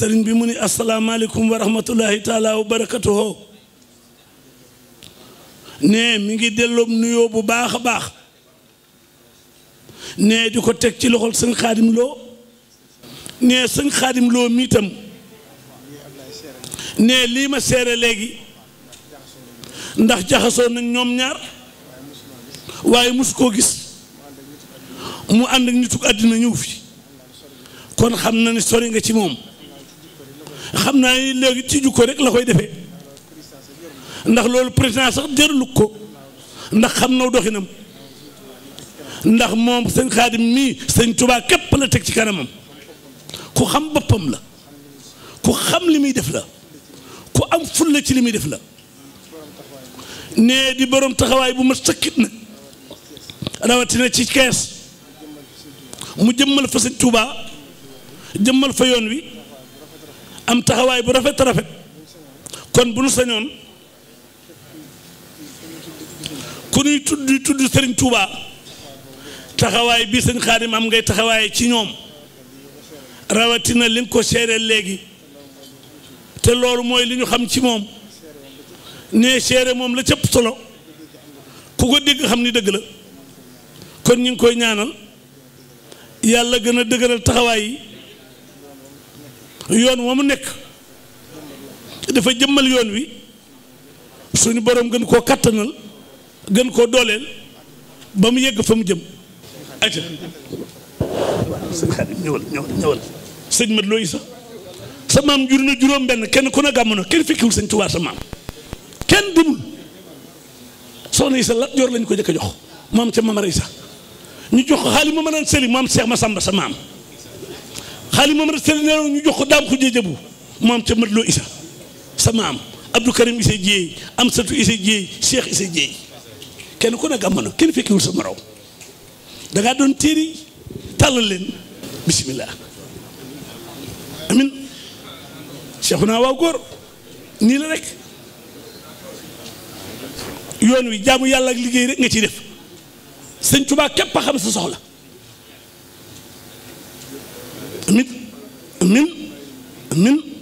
سرين بيموني السلام عليكم ورحمة الله تعالى وبركاته نه ميغي دلوب نيو بو باخ نه ديكو تك سي سن خادم لو نه سن خادم لو ميتام نه ليما سيره لغي نده جاخاسو ن نيوم ñar واي موسكو مو اند نيتوك ادنا نيو في كون خامنا ني سوري xam naa ne léegi ci ko rek la koy defee ndax loolu président sax jërlu ko ndax xam naw doxinam ndax moom sëñ xaadim mii sëñ tubaa képp la teg ci kanamam ku xam boppam la ku xam li muy def la ku am fulla ci li muy def la nee di boroom taxawaay bu ma sëkkit nag rawatina ci kees mu jëmmal fa sëñ tubaa jëmmal fa yoon wi am taxawaay bu rafet rafet kon bu nu sañoon ku ñuy tudd tudd sëriñ Touba taxawaay bi sëñ Xaadim am ngay taxawaay ci ñoom rawatina li nga ko seeree léegi te loolu mooy li ñu xam ci moom nee seere moom la cëpp solo ku ko dégg xam ni dëgg la kon ñu ngi koy ñaanal yàlla gën a dëgëral taxawaay yi yoon wa mu nekk dafa jëmmal yoon wi suñu boroom gën koo kattanal gën koo dooleel ba mu yegg fa mu jëm aca sëñ Xaadim ñëwal mat looy sa maam jur na juróom benn kenn ku ne gàmm na kenn fekkiwul sëñ Tuubaa sa maam kenn demul soxna Isa Lat Joor lañ ko jëkk a jox maam ca rey sax ñu jox ko xaalis ma ma naan sëriñ maam Seex Masamba sa maam xaali moom rek seen nelaw ñu jox ko daam xujee jëbu maam ca mat loo isa sa maam Abdou Karim Issa Dieye am satu Issa Dieye Cheikh Issa Dieye kenn ku nekk am na kenn fekkiwul sa moroom da ngaa doon téere yi leen bisimilah amin cheikh naa waaw góor nii la rek yoon wi jaamu yàlla liggéey rek nga ci def sëñ Tuubaa képp a xam sa soxla amin amin